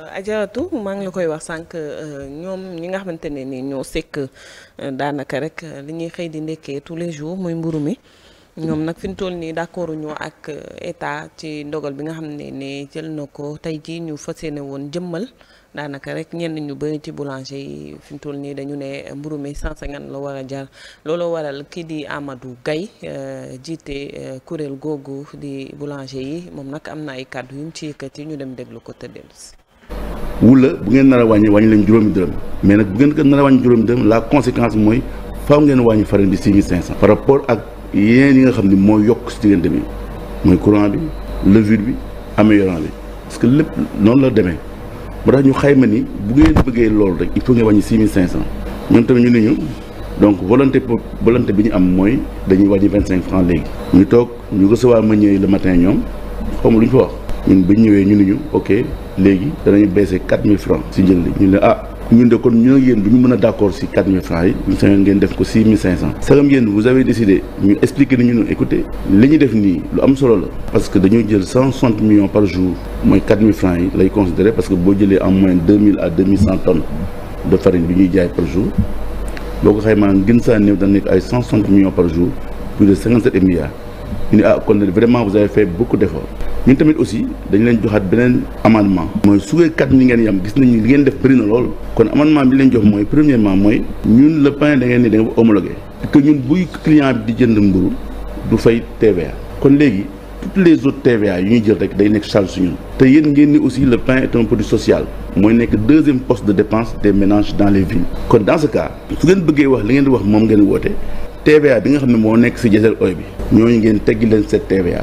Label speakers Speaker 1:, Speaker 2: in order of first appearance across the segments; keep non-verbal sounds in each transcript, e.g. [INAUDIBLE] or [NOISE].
Speaker 1: Euh, ajaratu maa ngi koy wax sànq euh, ñoom ñi nga xamante ne ni ñoo sekk euh, daanaka rek li ñuy xëy di ndekkee tous les jours muy mburu mi ñoom nag fi ñu toll nii d'accord ñoo ak état ci ndogal bi nga xam ne ne jël na ko tey jii ñu fa yéene woon jëmmal daanaka rek ñenn ñu bëri ci boulanger yi fi ñu toll nii dañu ne mburu mi 150 la war a jar looloo waral kii di Amadou Gaye jiite kuréel googu di boulanger yi moom nag am na ay kàddu yu mu ci yëkkati ñu dem déglu ko tëddeel si
Speaker 2: wula bu ngeen nar a wàññi wàññi leen juróomi dërëm mais nag bu ngeen ko nar a wàññi juróomi dërëm la conséquence mooy faaw ngeen wàññi farine bi 6500 par rapport ak yeneen yi nga xam ni moo yokk si diggante bi mooy courant bi levure bi amee améliorant bi parce que lépp noonu la demee moo tax ñu xayma ni bu ngeen bëggee loolu rek il faut ngeen wàññi 6500 ñoom tamit ñu ne ñu donc volonté volonté bi ñu am mooy dañuy wàññi cinq francs léegi ñu toog ñu recevoir meunier le matin ñoom xaw ma lu ñu fa wax ñun bi ñu ñëwee ñu ne ñu ok léegi danañu baissé 4000 francs si njël li ñu ne ah ñun de kon ñun ak yéen du ñu mën a d' accord si 4000 francs yi ñu sañoon ngeen def ko 6500. sagam yéen vous avez décidé ñu expliqué ni ñu ne écoutez li def nii lu am solo la parce que dañoo jël 160 millions par jour mooy 4000 francs yi lay considéré parce que boo jëlee en moyenne 2000 à 2100 tonnes de farine bi jaay par jour boo ko xaymaa gën saa néew dana nekk ay 160 millions par jour plus de 57 milliards ñu ne ah kon vraiment vous avez fait beaucoup d' efforts. ñun tamit aussi dañ leen joxaat beneen amendement mooy su ngeen kat ñi ngeen yam gis nañu li ngeen def bëri na lool kon amendement bi leen jox mooy premièrement mooy ñun le pain da ngeen ni da nga homologué que ñun buy client bi di jënd mburu du fay TVA kon léegi toutes les autres TVA yu ñuy jël rek day nekk charge suñu te yéen ngeen ni aussi le pain est un produit social mooy nekk deuxième poste de depense des ménage dans les villes kon dans ce cas bëggee wax li ngeen di wax moom ngeen woote TVA bi nga xam ne moo nekk si diesel oil bi ñooñu ngeen teggi leen cette TVA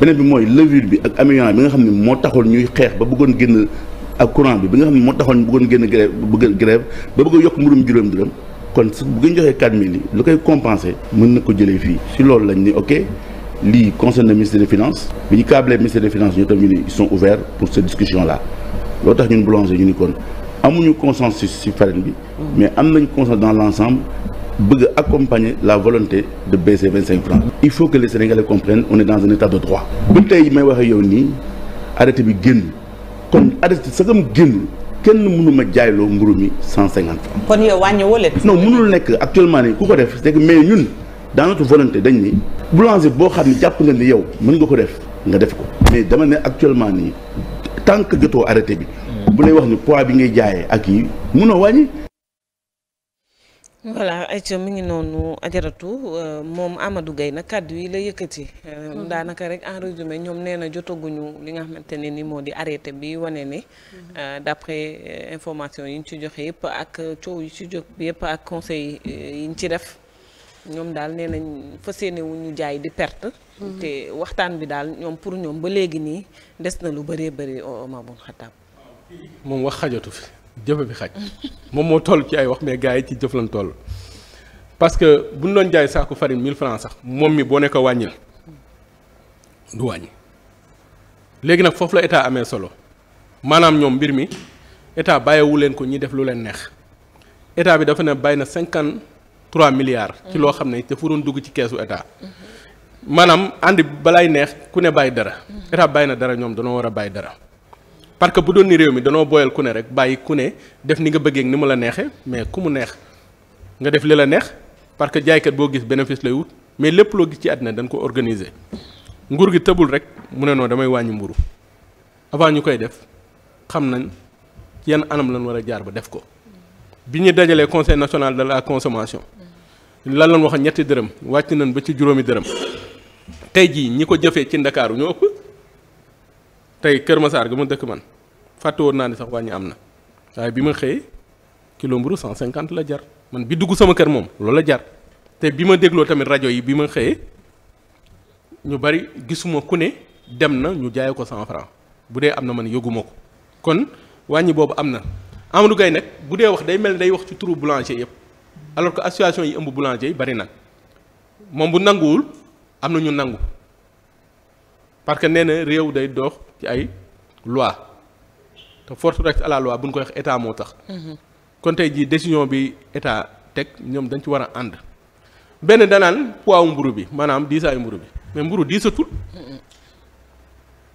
Speaker 2: beneen bi mooy levure bi ak amiant bi nga xam ne moo taxoon ñuy xeex ba bëggoon génn ak courant bi bi nga xam ne moo taxoon ñu bëggoon génn grève bëgg grève ba bëgg yokk mburum juróom dërëm kon su bu ngeen joxee 4000 yi lu koy compenser mën na ko jëlee fii si loolu lañ ni ok lii concerne le ministère des finances bi ñu câblé ministère de finances ñoo tam ñu ne ils sont ouverts pour cette discussion là loolu tax ñun boulanger ñu ni kon amuñu consensus si farine bi mm. mais am nañ bëgg accompagner la volonté de baisser vingt cinq francs il faut que les sénégalais comprennent on est dans un de droit bu tey may waxee yow nii arrêté bi génn kon arrêté sagam génn kenn mënu ma jaayloo mburu mi cent cinquante francs
Speaker 1: kon yow wàññi wala non mënul nekk
Speaker 2: actuellement nii ku ko def c'est que mais ñun dans notre dañ ni boulanger boo xam ne jàpp nga ni yow mën nga ko def nga def ko mais dama ne actuellement nii tant que jotoo bi
Speaker 1: bu lay voilà ayca mi ngi noonu ajaratu euh, moom Amadou Gueye nag kàddu yi la yëkkati. Euh, mm-hmm. daanaka rek en résumé ñoom nee na jotaguñu li nga xamante ne ni moo di arrêté bi wane ne. Mm-hmm. Euh, d'après information yi ñu ci joxe yëpp ak coow yi ci jox yëpp ak conseil yi ñu ci def ñoom daal nee nañ fas yéene ñu jaay di perte. Mm-hmm. te waxtaan bi daal ñoom pour ñoom ba léegi nii des na lu bëree bëri Omar Boun
Speaker 3: moom wax xajatu fi. jëfe bi xaj moom moo toll ci ay wax mais gars yi ci jëf lañ toll parce que bu ñu doon jaay saaku farine 1000 francs sax moom mi boo ne ko wàññil du wàññi léegi nag foofu la état amee solo maanaam ñoom mbir mi état bàyyiwu leen ko ñi def lu leen neex état bi dafa ne bàyyi na cinquante 53 milliards. ci loo xam ne te dafa doon dugg ci keesu état. maanaam ànd balaay neex ku ne bàyyi dara. état bàyyi na dara ñoom danoo war a bàyyi dara. parce que bu doon ni réew mi danoo booyal ku ne rek bàyyi ku ne def ni nga bëggeek ni mu la neexee mais ku mu neex nga def li la neex parce que jaaykat boo gis bénéfice lay wut mais lépp loo gis ci àddina dañ ko organiser nguur gi tëbul rek mu ne noo damay wàññi mburu avant ñu koy def xam nañ yan anam lañ war a jaar ba def ko bi ñu dajalee conseil national de la consommation lan lañ wax ñetti dërëm wàcc nañ ba ci juróomi dërëm tey jii ñi ko jëfee ci ndakaaru ñoo ëpp tey Kër Masaar ga man fàtte woon naa ne sax wàññi am na waaye bi ma xëyee kilo mburu cinquante la jar man bi dugg sama kër moom loolu la jar te bi ma dégloo tamit rajo yi bi ma xëyee ñu bari gisuma ku ne dem na ñu jaay ko 100 francs bu dee am na man yëguma ko kon wàññi boobu am na Amadou Gaye nag bu dee wax day mel day wax ci turu boulanger yëpp alors que association yi ëmb boulanger bari na moom nanguwul am na ñu nangu parce que nee na réew day doox ci ay loi te force reste à bu ñu koy wax état moo tax. Mhm. kon tey jii décision bi état teg ñoom dañu ci war a ànd. benn danaan poids wu mburu bi maanaam diisaayu mburu bi mais mburu diisatul.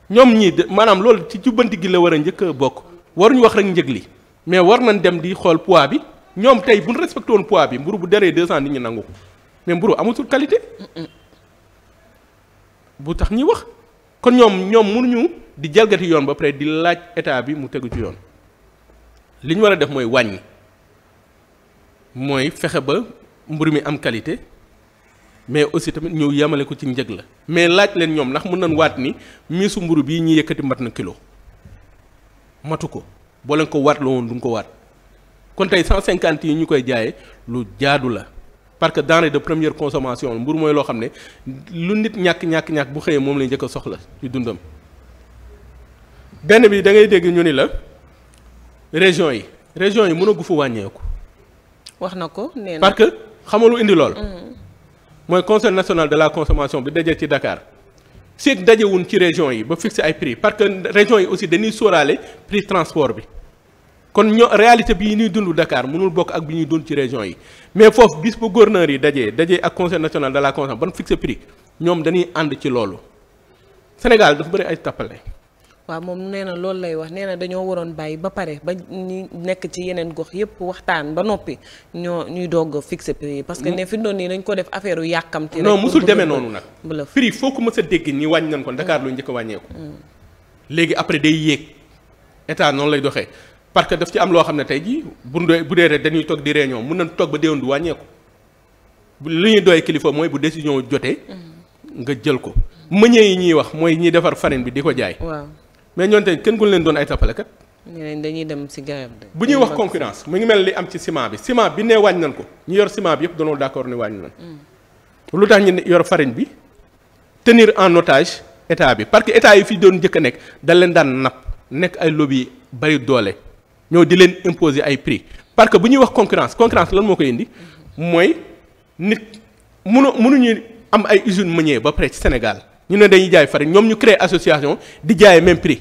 Speaker 3: ñoom ñii de maanaam loolu ci jubbanti gi la war a njëkk bokk bokk waruñu wax rek njëg li mais war nañ dem di xool poids bi ñoom tey bu ñu respecté woon poids bi mburu bu deree deux cent nit ñi nangu ko mais mburu amatul qualité. bu tax ñuy wax kon ñoom ñoom mënuñu. di jalgati yoon ba pare di laaj état bi mu tegu ci yoon li ñu war a def mooy wàññi mooy fexe ba mburu mi am qualité mais aussi tamit ñëw yemale ko ci njëg la mais laaj leen ñoom ndax mën nañ waat ni miisu mburu bii ñu yëkkati mat na kilo matu ko boo leen ko waat la woon duñ ko waat kon tey cent cinquante yi ñu koy jaayee lu jaadu la parce que denrée de première consommation mburu mooy loo xam ne lu nit ñàkk ñàkk ñàkk bu xëyee moom lay njëkk a soxla ci dundam. benn bi da ngay dégg ñu ni la région yi région yi mën a gu fa wàññeeku.
Speaker 1: wax na ko nee na parce
Speaker 3: que xamalu indi lool. Mm. mooy conseil national de la consommation bi dajee ci dakaar Dakar seeg dajewuñ ci région yi ba fixé ay prix parce que région yi aussi dañuy sóoraale prix transport bi kon ñoo réalité bi ñuy dund dakaar mënul bokk ak bi ñuy dund ci région yi mais foofu bis bu gouverneur yi dajee dajee ak conseil national de la consommation ban fixé prix ñoom dañuy ànd ci loolu Sénégal dafa bëri ay tappale
Speaker 1: waaw moom nee na loolu lay wax nee na dañoo waroon bàyyi ba pare ba ñi nekk ci yeneen gox yëpp waxtaan ba noppi ñoo ñuy doog a fixé prix yi parce que ne fi doon nii dañ ko def affaire yu yàkkamti non musul demee noonu nag
Speaker 3: prix foo ko mës a dégg ñi wàññi nañ ko mm. Dakar lu njëkk a mm. léegi après day yéeg état noonu lay doxee parce que daf ci am loo xam ne tey jii bu dee bu dee rek toog di réunion mun nañ toog ba déwén du li ñuy dooy kilifa mooy bu décision jotee mm. nga jël ko mëñee yi ñuy wax mooy ñiy defar farine bi di ko jaay mais ñoon tey kenn gul leen doon ay tappalekat
Speaker 1: ñeneen dañuy dem si
Speaker 3: bu ñuy wax concurrence mu ngi mel ni am ci ciment bi ciment bi ne wàññi nañ ko ñu yor ciment bi yëpp danoo d'accord ne wàññi nañ mm. lu tax ñu yor farine bi tenir en otage état bi parce que état yi fi doon jëkk nekk dañ leen daan napp nekk ay lobby bari doole ñoo di leen imposer ay prix parce que bu ñuy wax concurrence concurrence lan moo ko indi mooy nit mënu mënuñu am ay usines meunières ba pare ci Sénégal ñu ne dañuy jaay farine ñoom ñu créer association di jaay même prix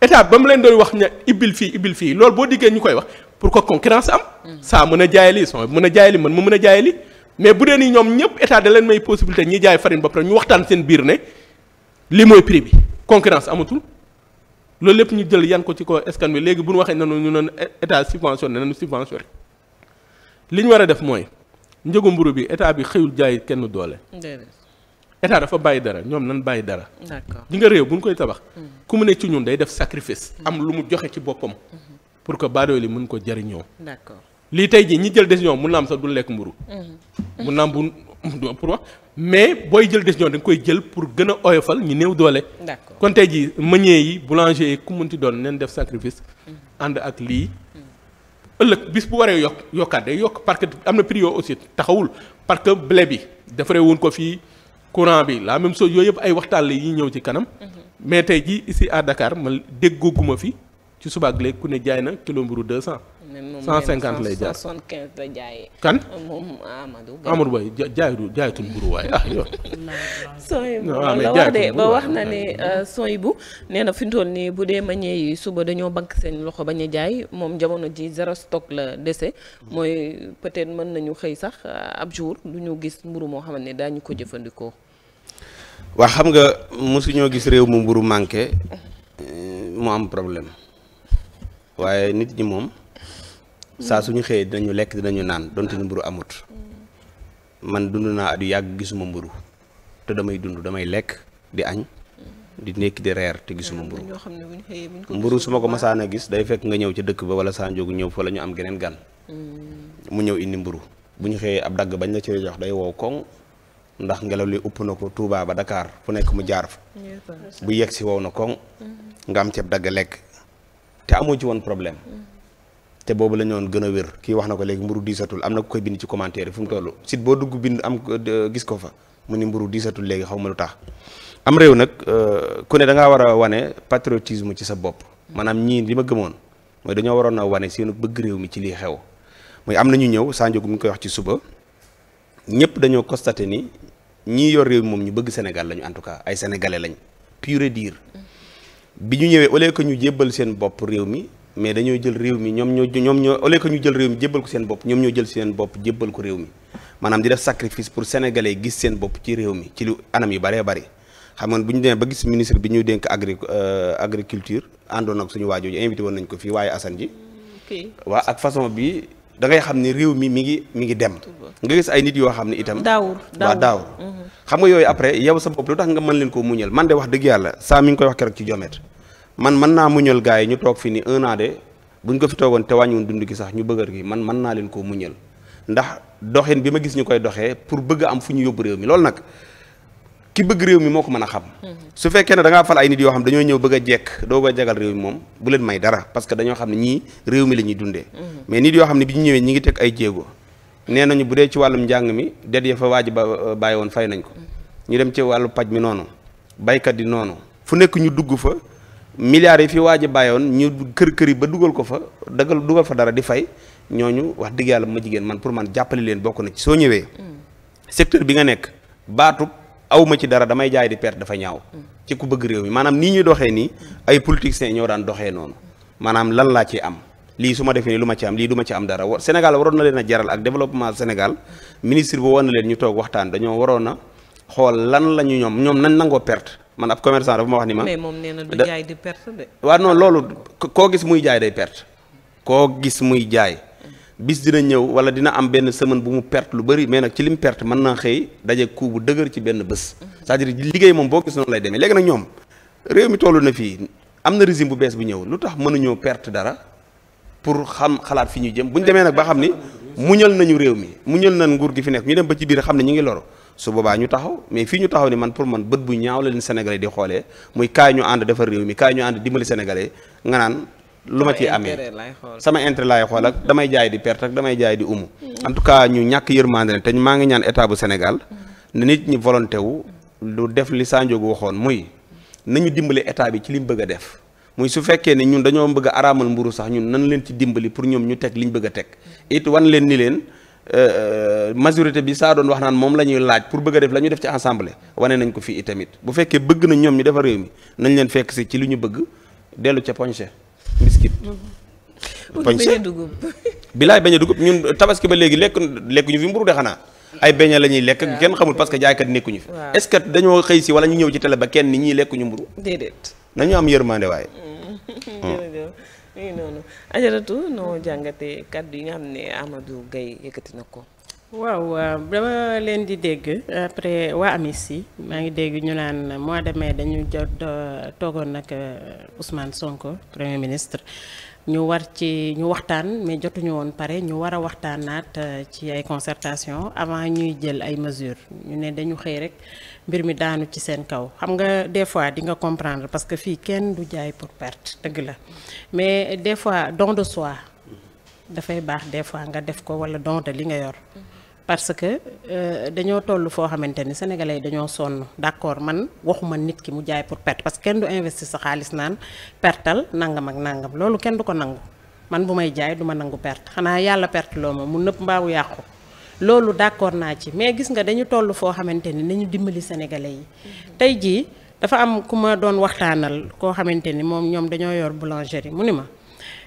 Speaker 3: état ba mu leen doon wax ña ibbil fii ibbil fii loolu boo diggee ñu koy wax pour que concurrence am. saa mën a jaay lii son mën a jaay li man ma mën a jaay li mais bu dee ni ñoom ñëpp état da leen may possibilité ñi jaay farine ba pare ñu waxtaan seen biir ne li mooy prix bi concurrence amatul loolu lépp ñu jël yan ko ci ko escan bi léegi bu ñu waxee nanu ñu noon état subventionné nanu subventionné li ñu war a def mooy njëgu mburu bi état bi xëyul jaay kenn doole. état dafa bàyyi dara ñoom nan bàyyi dara. d'accord nga réew bu ñu koy tabax. Hmm. ku mu ne ci ñun day def sacrifice. Hmm. am lu mu joxe ci boppam. Hmm. pour que baadoolo yi mën ko jëriñoo. d'accord lii tey jii ñi jël décision mun na am sax du lekk mburu. mu naam bu pour wax mais booy jël décision da nga koy jël pour gën a oyofal ñu néew doole. d'accord kon tey jii meunier yi boulanger yi ku mënti doon neen def sacrifice. ànd ak lii. ëllëg bis bu waree yokk yokkaat day yokk parce que am na prix aussi taxawul parce que blé courant bi la même chose yooyu yëpp ay waxtaan la yi ñëw ci kanam. Mhm. mais tey jii ici à Dakar man déggaguma fi. ci suba ak léegi ku ne jaay na kilo mburu deux cent. cent cinquante lay jaay cent
Speaker 1: soixante-quinze la kan moom Amadou. Amadou Boye
Speaker 3: jaayatul jaayatul mburu waaye ah yow.
Speaker 1: sooy wax de ba wax ah, euh, sooy bu nee na fi mu toll nii bu dee maññee yi suba dañoo bank seen loxo bañ a jaay moom jamono ji zéro stock la dese. mooy peut-être mën nañu xëy sax euh, ab jour du ñu gis mburu moo xamante ne daañu ko jëfandikoo.
Speaker 4: waa xam nga mosuñoo gis réew mu mburu manqué euh, mu am problème. waaye nit ñi moom saa suñu xëyee dinañu lekk dinañu naan donte mburu amut man dund naa at yàgg gisuma mburu te damay dund damay lekk di añ di nekk di reer te gisuma mburu mburu su ma ko masaan a gis day fekk nga ñëw ca dëkk ba wala saa njóogu ñëw fa la ñu am geneen gan mm. mu ñëw indi mburu bu ñu xëyee ab dagg bañ la ci jox day wow koŋ ndax ngelaw li upp na ko Touba ba dakaar fu nekk mu jaar fa bu yegg si wow na koŋ
Speaker 3: mm.
Speaker 4: nga am ceeb dagg lekk te amoo ci woon problème te boobu la woon gën a wér kii wax na ko léegi mburu diisatul am na ku koy bind ci commentaire yi fu mu toll site boo dugg bind am gis ko fa mu ni mburu diisatul léegi xaw ma lu tax am réew nag euh, ku ne da ngaa war a wane patriotisme ci sa bopp maanaam ñii li ma gëmoon mooy dañoo waroon a wane seenu bëgg réew mi ci lii xew mooy am na ñu ñëw Sandiogou mu ngi koy wax ci suba ñëpp dañoo constaté ni ñii yor réew mi moom ñu bëgg Sénégal lañu en tout cas ay sénégalais lañ pure dire bi ñu ñëwee au lieu que ñu jébbal seen bopp réew mi mais dañoo jël réew mi ñoom ñoo ñoom ñoo au lieu ñu jël réew mi jébbal seen bopp ñoom ñoo jël seen bopp jébbal ko réew mi maanaam di def sacrifice pour sénégalais gis seen bopp ci réew mi ci lu anam yu bëree bëri xam nga bu ñu demee ba gis ministre bi ñu dénk agri euh, agriculture àndoon ak suñu waajooju invité woon nañ ko fii waaye Assane ji waa ak façon bi dangay xam ni réew mi mi ngi mi ngi dem nga gis ay nit yoo xam ne itam daawur
Speaker 5: waaw daawur mhm.
Speaker 4: xam nga yooyu après yow sa bopp lu tax nga mën leen ko muñal man de wax dëgg yàlla saa mi ngi koy wax keroog ci jomet man mën naa muñal gars yi ñu toog fi ni un an de ko fi toogoon te wàññiwoon dund ki sax ñu bëgër gi man mën naa leen ko muñal ndax doxin bi ma gis ñu koy doxee pour bëgg am fu ñu yóbbu réew mi loolu nag ki bëgg réew mi moo ko mën a xam su fekkee ne da fal ay nit yoo xam dañoo ñëw bëgg a jekk doo bëgg a jagal réew mi moom bu leen may dara parce dañoo xam ne ñii réew mi la dundee mm-hmm. mais nit yoo xam ne bi ñu ñëwee ñi ngi teg ay jéego nee nañu bu dee ci wàllum njàng mi det ya fa waaj ba euh, bàyyi woon nañ ko mm-hmm. ñu dem ci wàllu paj mi noonu baykat yi noonu fu nekk ñu dugg fa milliards yi fi waaj a ñu kër kër ba dugal ko fa dagal dugal fa dara di fay ñooñu wax dëgg yàlla ma jigéen man pour man jàppale leen bokk na soo ñëwee mm-hmm. secteur bi awma ci dara damay jaay di perte dafa ñaaw ci ku bëgg réew mi maanaam nii ñuy doxee ni ay politiciens ñoo daan doxee noonu maanaam lan laa ci am lii su ma defee nii lu ma ci am lii du ci am dara Sénégal waroon na leen a jaral ak développement Sénégal ministre bi woon na leen ñu toog waxtaan dañoo waroon a xool lan la ñu ñoom ñoom nañ nangoo perte man ab commerçant dafa ma wax ni ma. mais moom
Speaker 1: nee na du jaay di perte de.
Speaker 4: waaw non loolu koo gis muy jaay day perte. koo gis muy jaay. bis dina ñëw wala dina am benn semaine bu mu perte lu bëri mais nag ci lim perte mën naa xëy daje coup bu dëgër ci benn bés c'est-à-dire liggéey moom boo gis noonu lay demee lekk nag ñoom réew mi toll na fii am na régime bu bees bu ñëw lu tax mënuñoo perte dara pour xam xalaat fi ñu jëm bu demee nag ba xam ni muñal nañu réew mi muñal nañ nguur gi fi nekk ñu dem ba ci biir xam ne ñu ngi loro su boobaa ñu taxaw mais fii ñu taxaw ni man pour man bët bu ñaaw la leen sénégalais di xoolee muy kaay ñu ànd defar réew mi kaay ñu ànd dimbali sénégalais nga naan lu ma ci amee sama intérêt laay xool ak damay jaay di perte ak damay jaay di umu en tout cas ñu ñàkk yërmande ne te maa ngi ñaan état bu Sénégal ne nit ñi volonté wu lu def li Sa Ndiogou waxoon muy nañu dimbali état bi ci li mu bëgg a def muy su fekkee ne ñun dañoo bëgg a araamal mburu sax ñun nan leen ci dimbali pour ñoom ñu teg li ñu bëgg a teg it wan leen ni leen euh, majorité bi saa doon wax naan moom la ñuy laaj pour bëgg a def lañu def ci assemblée wane nañ ko fii itamit bu fekkee bëgg na ñu defar réew nañ leen fekk si ci li ñu bëgg dellu ca poñse mbiskit dugub [LAUGHS] bilaay beñe dugub ñun tabaski ba léegi lekk lekk ñu fi mburu de xanaa ay beñe la ñuy lekk kenn xamul parce que jaaykat nekkuñu fi est-ce dañoo xëy si wala ñu ñëw ci télé ba kenn ni ñii lekkuñu mburu déedéet nañu am yërmande waaye
Speaker 1: [LAUGHS] jërëjëf noonu ajaratu noo jàngate kàddu bi nga xam ne Amadou Gaye yëkkati na ko
Speaker 5: waaw dama leen di dégg après waa amis yi maa ngi dégg ñu naan mois de mais dañu jot euh, toogoon nag euh, Ousmane Sonko premier ministre ñu war ci ñu waxtaan mais jotuñu woon pare ñu war a waxtaan waxtaanaat euh, ci ay concertation avant ñuy jël ay mesures ñu ne dañu xëy rek mbir mi daanu ci seen kaw xam nga des fois di nga comprendre parce que fii kenn du jaay pour perte dëgg la mais des fois don de soi dafay baax des fois nga def ko wala don li nga yor. parce que euh, dañoo toll foo xamante ni sénégalais yi dañoo sonn d'accord man waxuma nit ki mu jaay pour perte parce que kenn du investir sa xaalis naan pertal nangam ak nangam loolu kenn du ko nangu man bu may jaay du ma nangu perte xanaa yàlla perte loo ma mu nëpp mbaawu yàqu loolu d'accord naa ci mais gis nga dañu toll foo xamante ni nañu dimbali sénégalais yi tey jii dafa am ku ma doon waxtaanal koo xamante ni moom ñoom dañoo yor boulangerie mu ni ma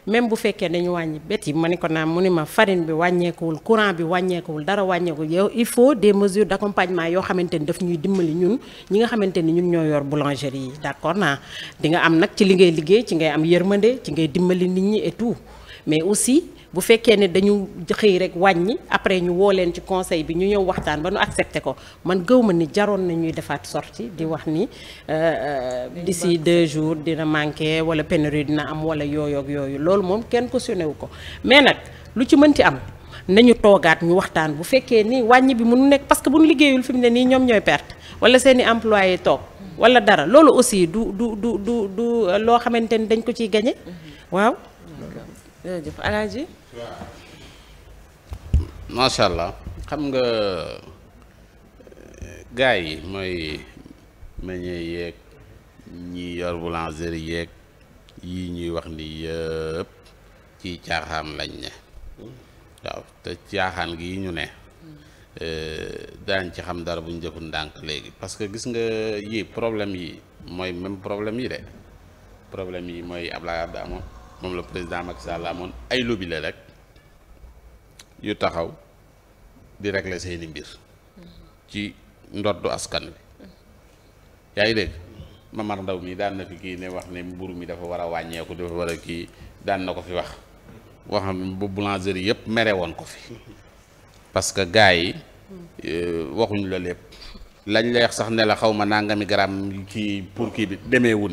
Speaker 5: même bu fekkee dañu wàññi bet yi ma ne ko naa mu ni ma farine bi wàññeekuwul courant bi wàññeekuwul dara wàññeekuwul yow il faut des mesures d'accompagnement yoo xamante ni daf ñuy dimbali ñun ñi nga xamante ni ñun ñoo yor boulangerie yi d'accord naa di nga am nag ci li ngay liggéey ci ngay am yërmande ci ngay dimbali nit ñi et tout mais aussi bu fekkee ne dañu xëy rek wàññi après ñu woo leen ci conseil bi ñu ñëw waxtaan ba ñu accepté ko man gëw ma ni jaroon na ñuy defaat sorti di wax ni euh, euh, d'ici deux jours dina manqué wala pénurie dina am wala yooyook yooyu loolu moom kenn ko suné wu ko mais nag lu ci mënti am nañu toogaat ñu waxtaan bu fekkee ni wàññi bi mënu nekk parce que bu ñu liggéeyul fi mu ne nii ñoom ñooy perte wala seen i employé toog wala dara loolu aussi du du du du du euh, loo xamante ni dañ ko ciy gañe
Speaker 1: jërëjëf Alaaji
Speaker 6: allah xam nga eh, gars yi mooy meññee yeeg ñi yor boulangerie yeeg ñuy wax ni yëpp ci caaxaan lañ ne waaw te caaxaan gi ñu ne eh, daan ci xam dara buñ ñu jëfun ndànk léegi parce que gis nga yi problème yi mooy même problème yi de problème yi mooy Ablaye Wade amoon moom la président Macky Sall amoon ay lobby rek yu taxaw di régler seeni mbir ci ndoddu askan wi yaa ngi dégg Mamar Ndaw mi daan na fi kii ne wax ne mburu mi dafa war a wàññeeku dafa war a kii daan na ko fi wax boo xam bu boulangerie yëpp mere woon ko fi parce que gars yi euh, waxuñu la lépp lañ lay wax sax ne la xaw ma nangami garam kii pour kii bi demeewu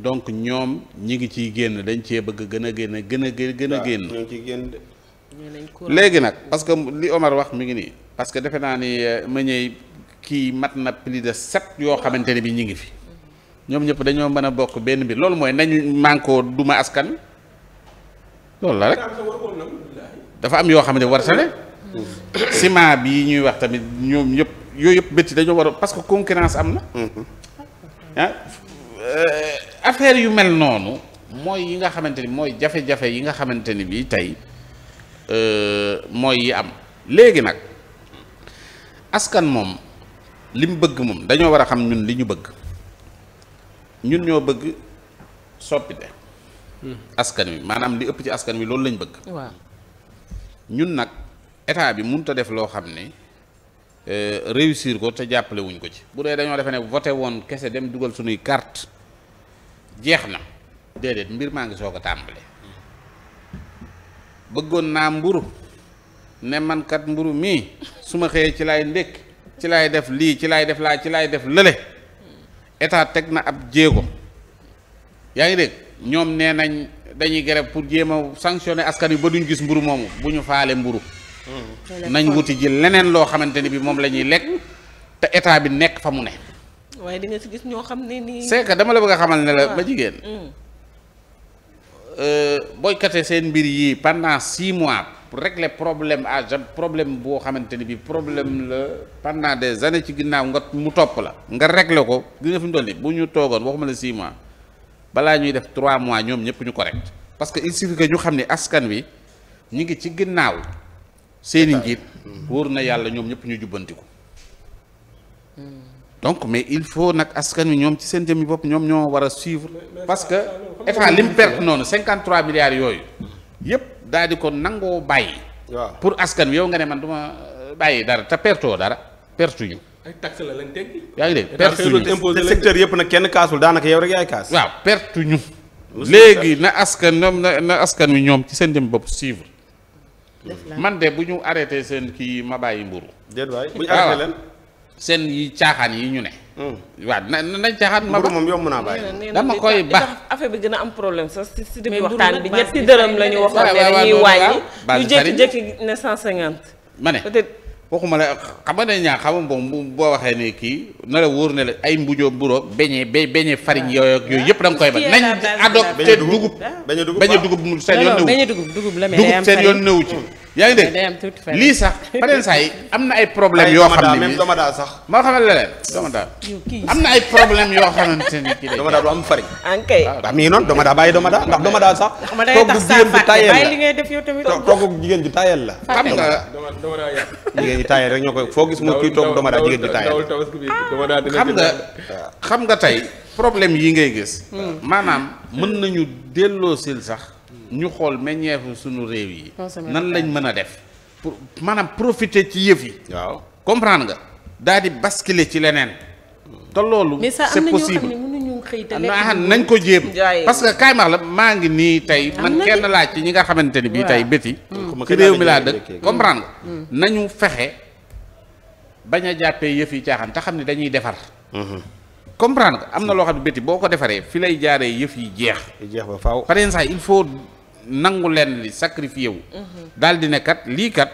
Speaker 6: donc ñoom ñi ngi ci génn dañ cee bëgg gën a génn gën a gën a génn léegi nag parce que li Omar wax mi ngi nii parce que defe naa ni euh, meññee kii mat na plus de sept yoo xamante ne bi ñi ngi fi ñoom ñëpp dañoo mën a bokk benn bi loolu mooy nañ mànkoo duma askan loolu la dafa am yoo xam ne war sa ne ñuy wax tamit ñoom yëpp yooyu yëpp bëtti dañoo war a parce que concurrence am na mm-hmm. ah Euh, affaire yu mel noonu mooy yi nga xamante ni mooy jafe-jafe yi nga xamante ni bii tey euh, mooy yi am léegi nag askan moom li mu bëgg moom dañoo war a xam ñun li ñu bëgg ñun ñoo bëgg soppite hmm. askan wi maanaam li ëpp ci askan wi loolu lañ bëgg. ñun nag état bi mënut a def loo xam ne euh, réussir ko te jàppalewuñ ko ci. bu dee dañoo defe ne vote woon kese dem dugal suñuy carte jeex na déedéet mbir maa ngi soog a tàmbale bëggoon naa mburu ne man mburu mii suma xëyee ci laay ndékk ci laay def lii ci laay def laa ci laay def lële état teg na ab jéego yaa ngi dégg ñoom nee nañ dañuy grève pour jéem a sanctionner askan wi ba duñ gis mburu moomu bu ñu faale mburu hmm. nañ wuti ji leneen loo xamante ni bi moom la ñuy lekk te état bi nekk fa mu ne
Speaker 1: waaye di nga si gis ñoo xam ne nii. c'est que dama la bëgg a xamal ne la ma jigéen. Mm.
Speaker 6: Euh, boycotté seen mbir yi pendant six mois pour régler problème à problème boo xamante ni bi problème la pendant des années ci ginnaaw nga mu topp la nga régler ko gi nga fi mu toll bu ñu toogoon waxuma la six mois balaa ñuy def trois mois ñoom ñëpp ñu correct parce que il suffit ñu xam ni askan wi ñu ngi ci ginnaaw seeni njiit mm. wóor na yàlla ñoom ñëpp ñu jubbantiku mm. donc mais il faut nag askan wi ñoom ci seen jëmmi bopp ñoom ñoo war a suivre parce que Eiffage li mu perte noonu 53 milliards yooyu yëpp daal di ko nangoo bàyyi. waaw pour askan wi yow nga ne man du ma euh, bàyyi dara te perto dara pertuñu.
Speaker 3: ay taxes la lañ teggi. yaa ngi dégg pertuñu
Speaker 6: te secteur
Speaker 4: yëpp nag kenn kaasul daanaka yow rek yaay kaas.
Speaker 6: waaw pertuñu. léegi na askan ñoom na askan wi ñoom ci seen jëmmi bopp suivre.
Speaker 4: man de bu ñu
Speaker 6: arrêté seen kii ma bàyyi mburu seen yi caaxaan yi ñu ne.
Speaker 1: Hmm. waaw na nañ caaxaan. ma moom yomb naa bàyyi. dama koy baax affaire bi gën a am problème sax si si début waxtaan bi ñetti dërëm la ñu waxoon ne dañuy wàññi. ñu jékki-jékki ne 150.
Speaker 6: ma ne peut-être waxuma la xam nga ne ñaa xam nga moom boo waxee ne kii na la wóor la ay mbujoo buroo beñee be beñee farine ah. yooyu ak yooyu yëpp koy ba nañ adopté dugub. beñe dugub beñe dugub seen yoon newu ci hmm. yaa ngi dégg lii sax beneen saa yi am na ay problème yoo xam ne même
Speaker 4: domadaa
Speaker 5: sax
Speaker 6: moo xamal la leen domadaa
Speaker 1: am
Speaker 4: na ay problème yoo xamante ni kii domadaa du am fari
Speaker 1: ankay am ah,
Speaker 4: yi noonu domadaa bàyyi domadaa ndax domadaa sax
Speaker 1: togg jigéen ju tayel la li ngay def yow tamit
Speaker 4: togg jigéen ju tayel la xam nga jigéen ju tayel rek ñoo koy foo
Speaker 6: gis mu kuy xam nga xam nga tey problème yi ngay gis hmm. maanaam mën nañu delloo sil sax ñu xool meññeefu suñu réew yi. nan lañ mën a def pour maanaam profiter ci yëf yi. waaw comprendre nga daal di basculer ci leneen. te loolu. c'est possible nañ ko jéem parce que kaay max la maa ngi nii tey man kenn laaj ci ñi nga xamante ni bii tey béti mm. ci réew mi laa dëkk comprendre nga mm. Mm. nañu fexe bañ a jàppee yëf yi caaxaan te xam ne dañuy defar mm-hmm. comprendre nga am na loo xam ne béti boo ko defaree fi lay jaaree yëf yi jeex jeex ba faaw par il faut nangu leen li sacrifié wu. Mhm. daal di ne kat lii kat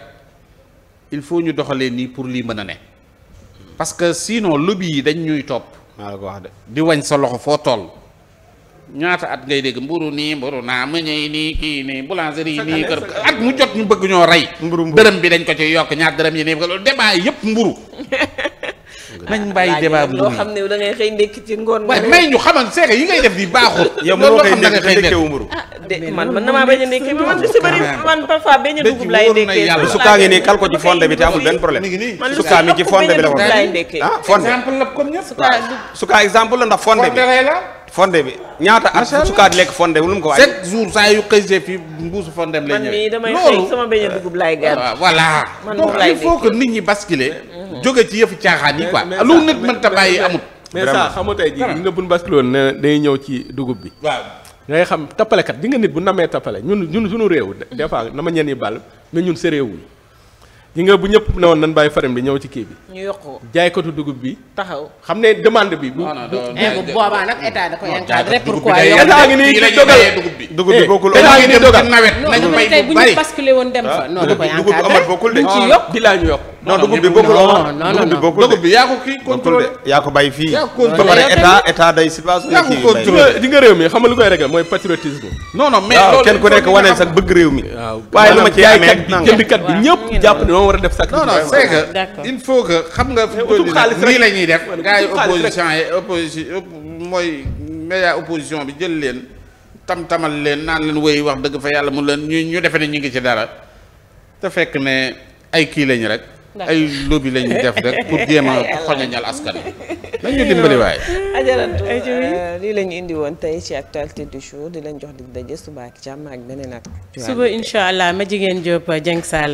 Speaker 6: il faut ñu doxalee nii pour lii mën a ne. parce que sinon lobby yi dañ ñuy topp. wax de di wañ sa loxo foo toll. ñaata at ngay dégg mburu nii mburu naa mëñëy nii kii nii boulangerie nii kër at mu jot ñu bëgg ñoo rey. dërëm bi dañ ko ci yokk ñaar dërëm yi nii dem débat yëpp mburu [LAUGHS] nañ bàyyi débat bu loo xam
Speaker 1: xëy ndekki ci may ñu xamal seega yi ngay def di baaxul. yow mënoo koy ndekki te ndekkewu mburu ah, de man man damaa bañ a nekkee man si bëri man parfois bañ a dugub laay nekkee. sukaa ngi nii kal
Speaker 4: ci fonde bi te amul benn problème. sukaa mi fonde bi la ko ah fonde lekk fonde bi lu mu ko waaye. sept jours saa yu a euh,
Speaker 1: dugub laay
Speaker 3: nit ñi basculer. Mhm. jóge ci yëfu caaxaan yi quoi lu nit mënta bàyyi amut. vraiment nga tey jii ne day ñëw ci dugub bi ngay xam tappalekat di nga nit bu namee tappale ñun ñun suñu réew. des na ma ñenn yi bal mais ñun sérieux wuñ yi eh, da koy réew mi xam lu koy réglé mooy patriotisme non kenn ku nekk wane sax bëgg réew mi waaye lu ma ci amee jëndkat bi ñëpp jàpp ne war a def sacrifice. non non c'est que
Speaker 6: il faut que xam nga. mais utub xaalis rek nii la def. gars opposition yi opposition mooy média opposition bi jël leen tam tamal leen naan leen wéy wax dëgg fa yàlla mu leen ñu ñu defe ne ñu ngi ci dara te fekk ne ay kii lañu rek. ay lobby la ñuy def rek pour jéem a [LAUGHS] xoñañal askan wi. nañu dimbali waaye.
Speaker 1: ajaratu euh, indi woon tey ci actualité du jour di leen jox dig daje suba ak jàmm ak beneen ak.
Speaker 5: suba incha allah ma jigéen Diop Dieng Sall